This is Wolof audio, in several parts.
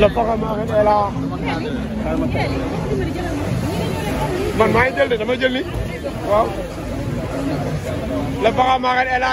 le programme est là. man le programme est là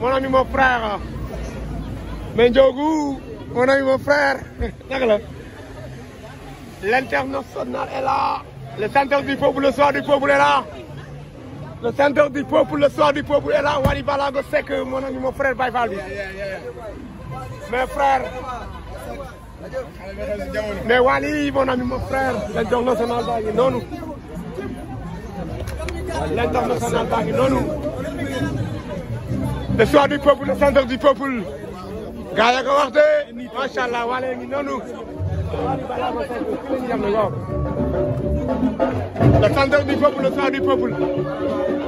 mon ami mon frère mais mon ami mon frère l'international est là. le centre du peuple le soir du peuple est là. le centre du peuple le soir du peuple est là Wally Ballago que mon ami mon frère Baye Fall mes frères. mais Wally mon ami mon frère l'international baa ngi noonu l'international baa ngi noonu le choix du peuple le centre du peuple gaa ya ko wax de allah Wally ngi noonu le centre du peuple le choix du peuple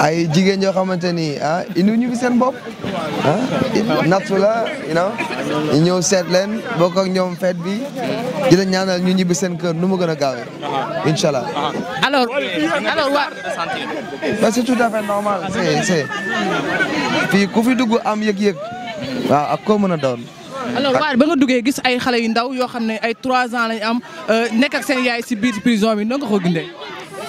ay jigéen yoo xamante ni ah indi ñu seen bopp ah nattu la you seet leen bokk ak ñoom fête bi di la ñaanal ñu ñibbi seen kër nu mu gën a gaawee incha allah. alors alors tout à fait fii ku fi dugg am yëg-yëg waaw ak koo mën a doon. alors waaye ba nga duggee gis ay xale yu ndaw yoo xam ne ay trois ans lañ am euh, nekk ak seen yaay si biir prison bi noo nga ko gindee.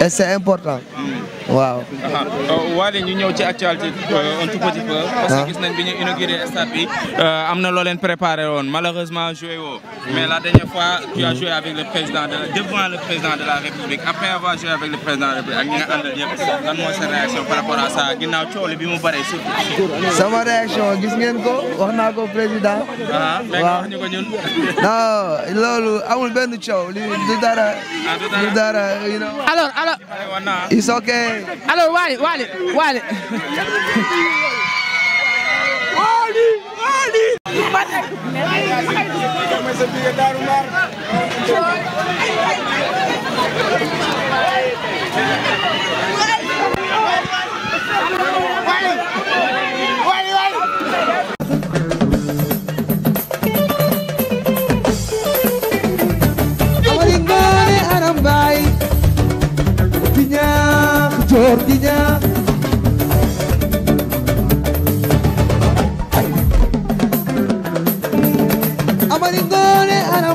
et c'est important. waaw. Euh, Wally ñu ñëw ci actualité euh, un tout petit peu. parce que ah. gis nañ inaugurer ñu inauguré stade bi euh, am na loo leen préparé woon malheureusement joué woo. mais la dernière fois tu as joué avec le président de devant le président de la République après avoir joué avec le président de la République ak ñi nga àndal lan réaction par rapport à ça ginnaaw coow bi mu bëree surtout. sama réaction gis ngeen ko wax ko président. Ah, mais wax ñu ko ñun. non loolu amul benn le li ah, du dara. du dara. alors. Hello. It's okay. Hello, Wally, Wally, Wally. Wally, Wally. Portilha